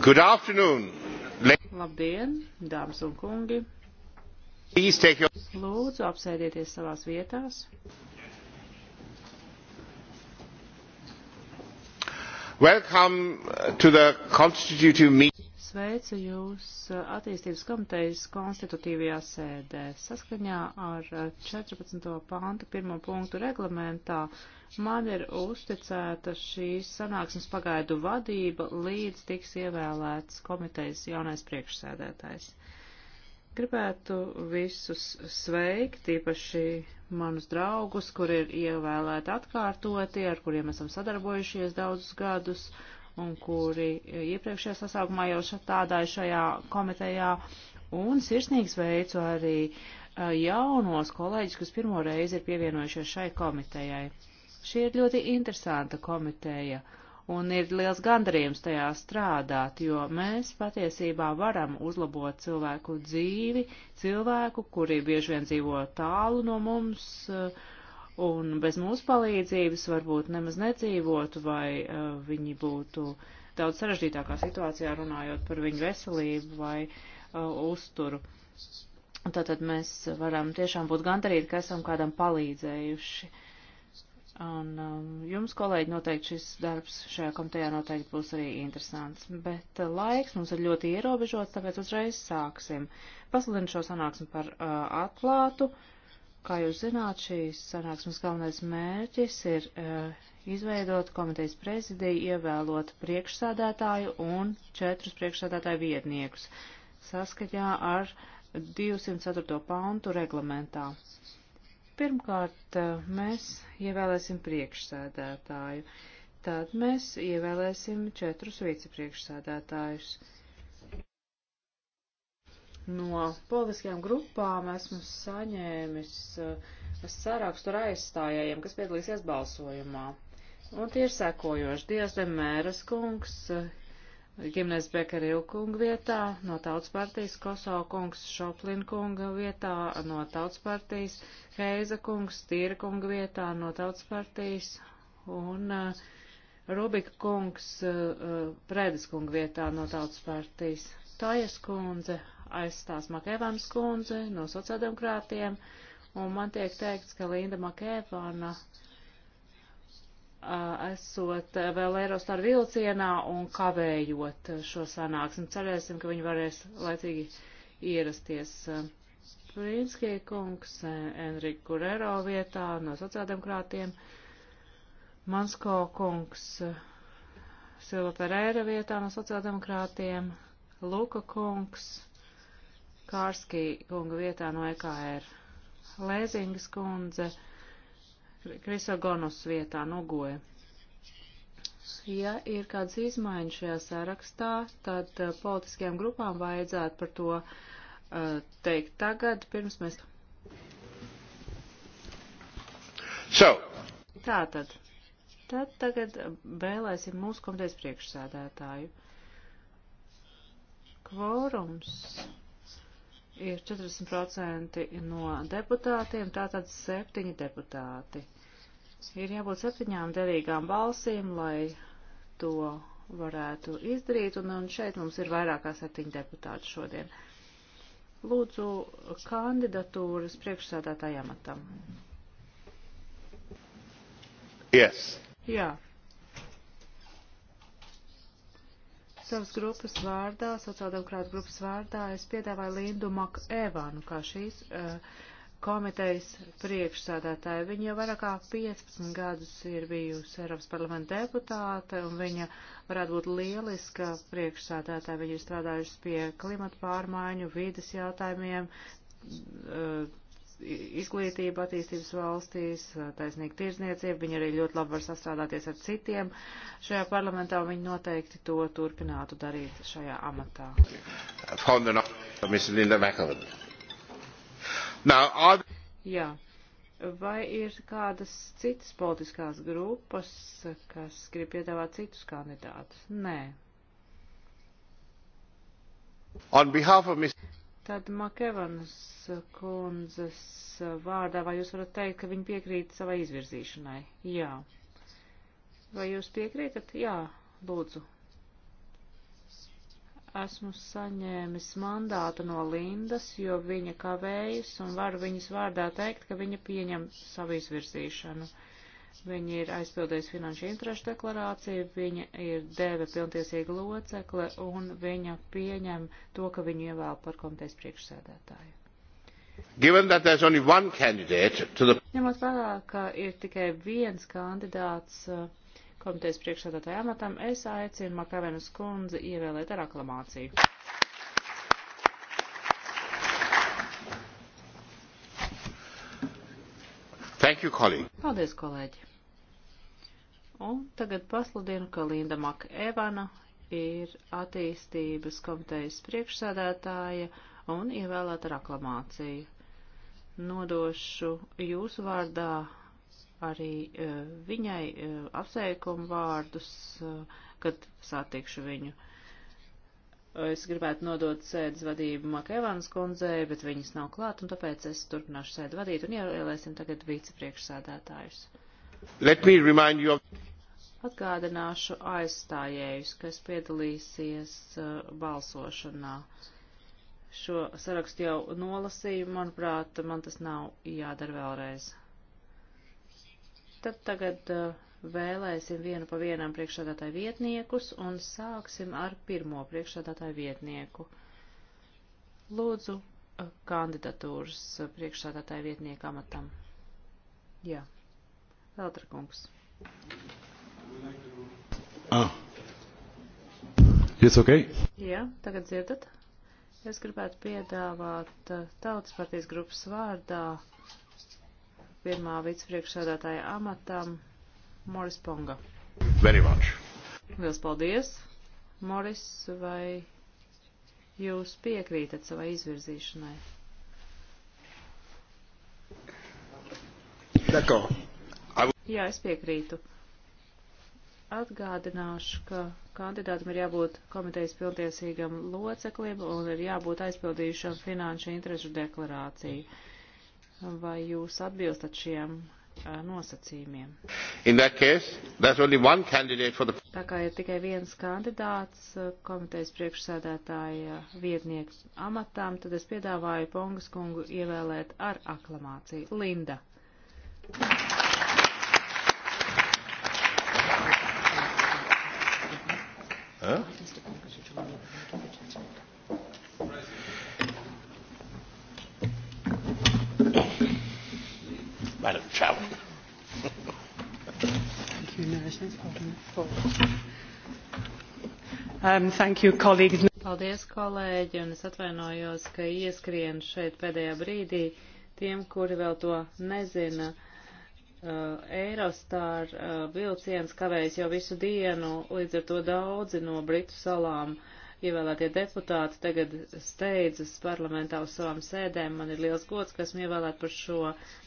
Good afternoon. Labdien, dāmas un kungi. Lūdzu, apsēdieties savās vietās. Welcome to the constitutive meeting. Sveicu jūs eh, attīstības komitejas konstitutīvajā sēdē. Saskaņā ar 14. Eh, pāntu pirmo punktu reglamentā man ir uzticēta šīs sanāksmes pagaidu vadība, līdz tiks ievēlēts komitejas jaunais priekšsēdētājs. Gribētu visus sveikt, īpaši manus draugus, kur ir ievēlēti atkārtoti, ar kuriem esam sadarbojušies daudzus gadus, un kuri e, iepriekšējā sasaukumā jau strādāja šajā komitejā. Un sirsnīgs veicu arī e, jaunos kolēģis, kas pirmo reizi ir pievienojušies šai komitejai. Šī ir ļoti interesanta komiteja un ir liels gandarījums tajā strādāt, jo mēs patiesībā varam uzlabot cilvēku dzīvi, cilvēku, kuri bieži vien dzīvo tālu no mums, uh, un bez mūsu palīdzības varbūt nemaz nedzīvotu vai uh, viņi būtu daudz sarežģītākā situācijā runājot par viņu veselību vai uh, uzturu. Tātad mēs varam tiešām būt gandarīti, ka esam kādam palīdzējuši. Un um, jums, kolēģi, noteikti šis darbs šajā komitejā noteikti būs arī interesants. Bet uh, laiks mums ir ļoti ierobežots, tāpēc uzreiz sāksim. Pasludinu šo sanāksmi par uh, atklātu. Uh, Kā jūs zināt, šīs sanāksmes galvenais mērķis ir uh, izveidot komitejas prezidiju, ievēlot priekšsādātāju un četrus priekšsādātāju vietniekus saskaņā ar 204. pantu reglamentā. Pirmkārt, uh, mēs ievēlēsim priekšsēdētāju, tad mēs ievēlēsim četrus vicepriekšsēdētājus. Uh, No politiskajām grupām esmu saņēmis uh, sarakstu ar aizstājējiem, kas piedalīsies balsojumā. Un tie ir sekojoši. Dievs Demēras kungs, uh, Gimnes Bekarīl kunga vietā, no Tautas partijas Kosovo kungs, Šoplin kunga vietā, no Tautas partijas Heiza kungs, Tīra kunga vietā, no Tautas partijas un uh, Rubika kungs uh, uh Prēdes kunga vietā no Tautas partijas. Tājas kundze aizstās Makēvānas kundze no sociāldemokrātiem, un man tiek teikts, ka Linda Makēvāna esot vēl Eirostar vilcienā un kavējot šo sanāksmi. Cerēsim, ka viņi varēs laicīgi ierasties. Prīnskie kungs, Enrika Kurero vietā no sociāldemokrātiem, Mansko kungs, Silva Pereira vietā no sociāldemokrātiem, Luka kungs, Kārskī kunga vietā no EKR, Lēzingas kundze Krisogonus vietā no Goja. Ja ir kādas izmaiņas šajā sarakstā, tad eh, politiskajām grupām vajadzētu par to uh, teikt tagad, pirms mēs. So. Tā tad. Tad tagad vēlēsim mūsu komitejas priekšsēdētāju. Kvorums ir 40% no deputātiem, tātad septiņi deputāti. Ir jābūt septiņām derīgām balsīm, lai to varētu izdarīt, un, un šeit mums ir vairāk kā septiņi deputāti šodien. Lūdzu kandidatūras priekšsādātāja amatam. Yes. Jā. Savas grupas vārdā, sociāldemokrāta grupas vārdā, es piedāvāju Lindu Maku Evanu kā šīs uh, komitejas priekšsādātāju. Viņa jau vairāk kā 15 gadus ir bijusi Eiropas parlamenta deputāte, un viņa varētu būt lieliska priekšsādātāja. Viņa ir strādājusi pie klimata pārmaiņu, vīdes jautājumiem, eh, izglītība attīstības valstīs, taisnīga tirzniecība, viņi arī ļoti labi var sastrādāties ar citiem. Šajā parlamentā viņi noteikti to turpinātu darīt šajā amatā. Jā. Vai ir kādas citas politiskās grupas, kas grib piedāvāt citus kandidātus? Nē. On behalf of Mr. Tad Makevanas kundzes vārdā, vai jūs varat teikt, ka viņa piekrīt savai izvirzīšanai? Jā. Vai jūs piekrītat? Jā, lūdzu. Esmu saņēmis mandātu no Lindas, jo viņa kavējas un varu viņas vārdā teikt, ka viņa pieņem savu izvirzīšanu. Uh, Viņa ir aizpildījusi finanšu interešu deklarāciju, viņa ir dēve pilntiesīga locekle un viņa pieņem to, ka viņu ievēl par komitejas priekšsēdētāju. The... Ņemot vērā, ka ir tikai viens kandidāts uh, komitejas priekšsēdētāja amatam, es aicinu Makavenas kundzi ievēlēt ar aklamāciju. Thank you, colleague. Paldies, kolēģi. Un tagad pasludinu, ka Linda Makēvana ir attīstības komitejas priekšsēdētāja un ievēlēta ar aklamāciju. Nodošu jūsu vārdā arī uh, viņai uh, apsveikumu vārdus, uh, kad satikšu viņu. Es gribētu nodot sēdes vadību Makēvānas kundzei, bet viņas nav klāt, un tāpēc es turpināšu sēdi vadīt un ielēsim tagad vicepriekšsādātājus. Of... Atgādināšu aizstājējus, kas piedalīsies uh, balsošanā. Šo sarakstu jau nolasīju, manuprāt, man tas nav jādara vēlreiz. Tad tagad uh, vēlēsim vienu pa vienam priekšsādātāju vietniekus un sāksim ar pirmo priekšsādātāju vietnieku. Lūdzu, eh, kandidatūras eh, priekšsādātāju vietnieku amatam. Jā, Veltra kungs. Ah. It's okay? Jā, tagad dzirdat? Es gribētu piedāvāt eh, Tautas partijas grupas vārdā pirmā vicepriekšsādātāja amatam Moris Ponga. Very much. Liels paldies. Moris, vai jūs piekrītat savai izvirzīšanai? D'accord. Jā, es piekrītu. Atgādināšu, ka kandidātam ir jābūt komitejas pilntiesīgam loceklim un ir jābūt aizpildījušam finanšu interešu deklarāciju. Vai jūs atbilstat šiem Uh, nosacījumiem. Case, the... Tā kā ir tikai viens kandidāts uh, komitejas priekšsēdētāja vietnieks amatām, tad es piedāvāju Pongas kungu ievēlēt ar aklamāciju. Linda. Huh? Ciao. Thank you, um, thank you, colleagues. Paldies, kolēģi, un es atvainojos, ka ieskrienu šeit pēdējā brīdī tiem, kuri vēl to nezina. Uh, Eirostar uh, vilciens kavējas jau visu dienu, līdz ar to daudzi no Britu salām ievēlētie deputāti tagad steidzas parlamentā uz savām sēdēm. Man ir liels gods, ka esmu ievēlēt par šo uh,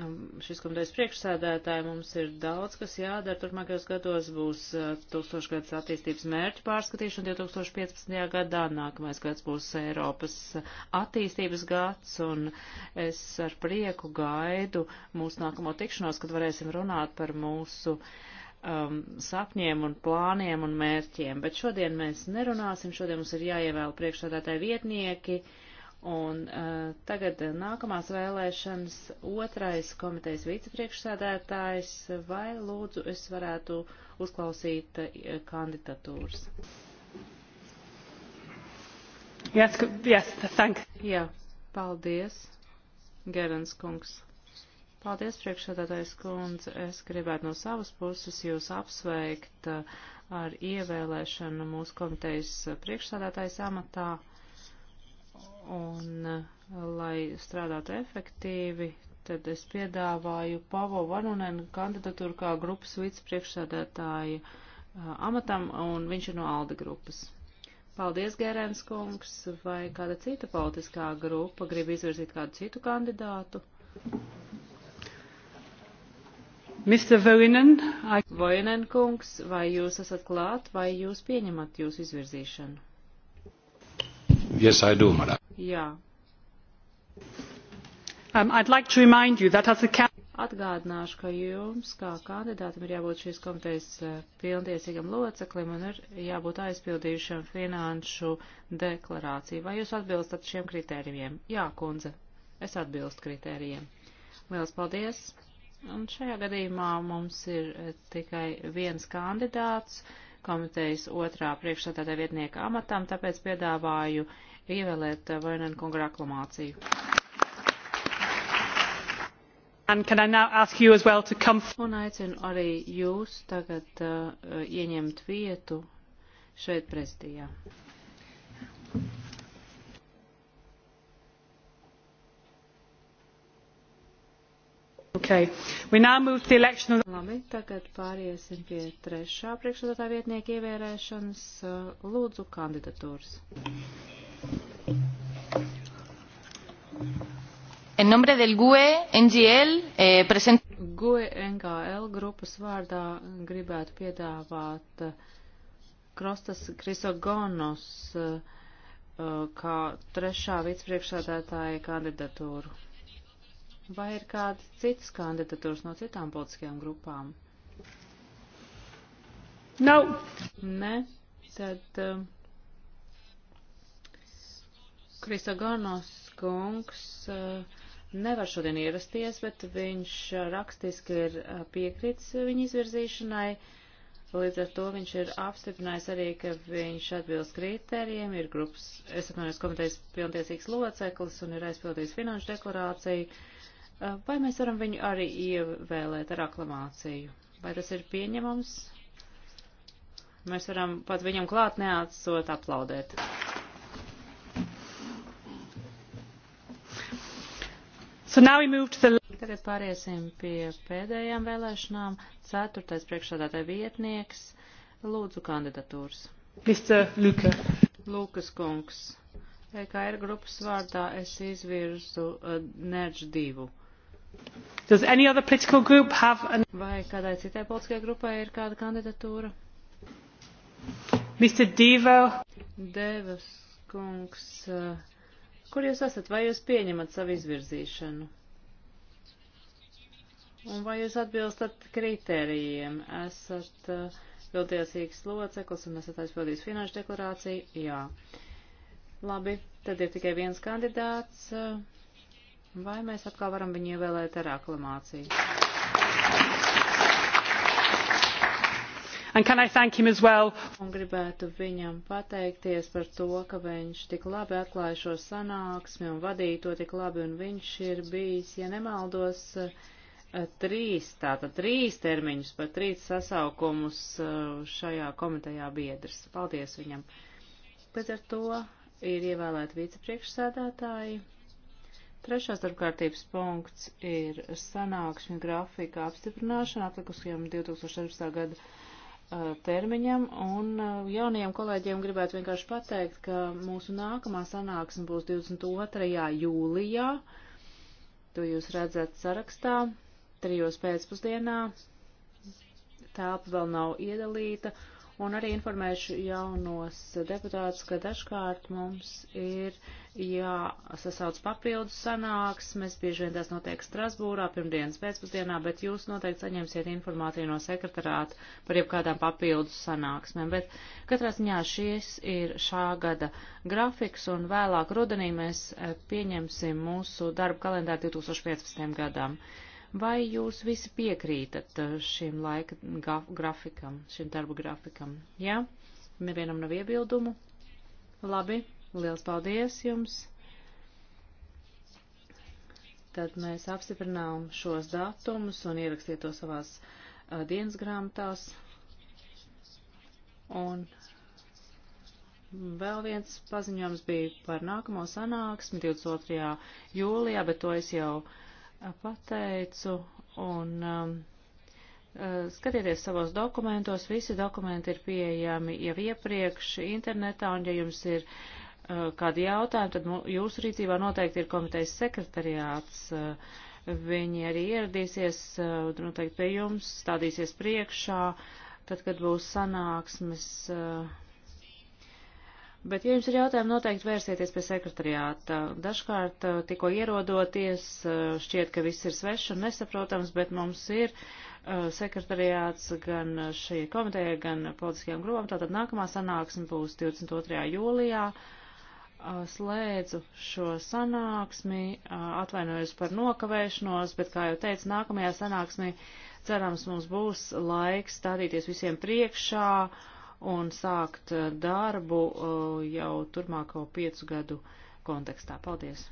Um, šis komitejas priekšsēdētāji mums ir daudz, kas jādara. Turpmākajos gados būs uh, tūkstošgads attīstības mērķu pārskatīšana 2015. gadā. Nākamais gads būs Eiropas attīstības gads, un es ar prieku gaidu mūsu nākamo tikšanos, kad varēsim runāt par mūsu um, sapņiem un plāniem un mērķiem. Bet šodien mēs nerunāsim, šodien mums ir jāievēl priekšsēdētāji vietnieki. Uh, Un uh, tagad nākamās vēlēšanas otrais komitejas vicepriekšsēdētājs, vai lūdzu es varētu uzklausīt uh, kandidatūras? Yes, yes, thank. Jā, paldies, Gerans kungs. Paldies, priekšsēdētājs kundze. Es gribētu no savas puses jūs apsveikt eh, ar ievēlēšanu mūsu komitejas priekšsēdētājas amatā. Un, eh, lai strādātu efektīvi, tad es piedāvāju Pavo Vanunenu kandidatūru kā grupas vicepriekšsēdētāja eh, amatam, un viņš ir no Alda grupas. Paldies, Gērēns kungs, vai kāda cita politiskā grupa grib izvirzīt kādu citu kandidātu? Mr. Voinen, I... Voinen kungs, vai jūs esat klāt, vai jūs pieņemat jūsu izvirzīšanu? Yes, I do, madam. Jā. Um, I'd like to remind you that as a Atgādināšu, ka jums, kā kandidātam, ir jābūt šīs komitejas uh, pilntiesīgam loceklim un ir jābūt aizpildījušam finanšu deklarāciju. Vai jūs atbilstat šiem kritērijiem? Jā, kundze, es atbilstu kritērijiem. Liels paldies! Un šajā gadījumā mums ir uh, tikai viens kandidāts komitejas otrā priekšsādātāja vietnieka amatam, tāpēc piedāvāju ievēlēt eh, Vainen kunga aklamāciju. Well Un aicinu arī jūs tagad uh, ieņemt vietu šeit prezidijā. Okay. Labi, tagad pāriesim pie trešā priekšsēdētāja vietnieka ievērēšanas. Eh, lūdzu, kandidatūras. Mm -hmm. En nombre del GUE NGL eh, present... GUE NGL grupas vārdā gribētu piedāvāt eh, Krostas Krisogonos eh, kā trešā vicepriekšādātāja kandidatūru. Vai ir kādas citas kandidatūras no citām politiskajām grupām? Nav. No. Nē, tad. Uh, Krisogonos kungs eh, nevar šodien ierasties, bet viņš eh, rakstiski ir eh, piekritis viņa izvirzīšanai. Līdz ar to viņš ir apstiprinājis arī, ka viņš atbilst kritērijiem, ir grupas, es atvainojos, komitejas pilntiesīgs loceklis un ir aizpildījis finanšu deklarāciju. Vai mēs varam viņu arī ievēlēt ar aklamāciju? Vai tas ir pieņemams? Mēs varam pat viņam klāt neatsot aplaudēt. So the... Tagad pāriesim pie pēdējām vēlēšanām. Ceturtais priekšsādātāja vietnieks. Lūdzu kandidatūras. Mr. Luka. Lukas kungs. EKR er grupas vārdā es izvirzu uh, Nerģu divu. Does any other political group have an... Vai kādai citai politiskajai grupai ir kāda kandidatūra? Mr. Divo. Devas kungs. Uh, Kur jūs esat? Vai jūs pieņemat savu izvirzīšanu? Un vai jūs atbilstat kritērijiem? Esat uh, viltiesīgs loceklis un esat aizpildījis finanšu deklarāciju? Jā. Labi, tad ir tikai viens kandidāts. Vai mēs atkal varam viņu ievēlēt ar aklamāciju? And can I thank him as well? Un gribētu viņam pateikties par to, ka viņš tik labi atklāja šo sanāksmi un vadīja to tik labi, un viņš ir bijis, ja nemaldos, eh, trīs, tātad trīs termiņus par trīs sasaukumus eh, šajā komitejā biedrs. Paldies viņam. Līdz ar to ir ievēlēti vicepriekšsēdētāji. Trešās darbkārtības punkts ir sanākšņu grafika apstiprināšana atlikusiem 2014. gada Eh, termiņam, un eh, jaunajiem kolēģiem gribētu vienkārši pateikt, ka mūsu nākamā sanāksme būs 22. jūlijā, to jūs redzat sarakstā, trijos pēcpusdienā, tāpa vēl nav iedalīta, un arī informēšu jaunos deputātus, ka dažkārt mums ir jāsasauc papildus sanāksmes, bieži vien tās notiek Strasbūrā pirmdienas pēcpusdienā, bet jūs noteikti saņemsiet informāciju no sekretarāta par jebkādām papildus sanāksmēm. Bet katrā ziņā šis ir šā gada grafiks, un vēlāk rudenī mēs eh, pieņemsim mūsu darba kalendāru 2015. gadam. Vai jūs visi piekrītat eh, šim laika grafikam, šim darba grafikam? Jā? Ja? Nevienam nav iebildumu? Labi, liels paldies jums! Tad mēs apstiprinām šos datumus un ierakstiet to savās uh, dienas grāmatās. Un vēl viens paziņojums bija par nākamo sanāksmi 22. jūlijā, bet to es jau uh, pateicu. Un, um, uh, skatieties savos dokumentos, visi dokumenti ir pieejami jau iepriekš internetā, un ja jums ir uh, kādi jautājumi, tad jūsu rīcībā noteikti ir komitejas sekretariāts. Uh, viņi arī ieradīsies, uh, noteikti pie jums, stādīsies priekšā, tad, kad būs sanāksmes. Uh, Bet, ja jums ir jautājumi, noteikti vērsieties pie sekretariāta. Dažkārt eh, tikko ierodoties, eh, šķiet, ka viss ir svešs un nesaprotams, bet mums ir eh, sekretariāts gan šī komiteja, gan politiskajām grupām. Tātad nākamā sanāksme būs 22. jūlijā. Slēdzu šo sanāksmi, atvainojos par nokavēšanos, bet, kā jau teicu, nākamajā sanāksmī cerams mums būs laiks stādīties visiem priekšā un sākt eh, darbu eh, jau turmāko piecu gadu kontekstā. Paldies!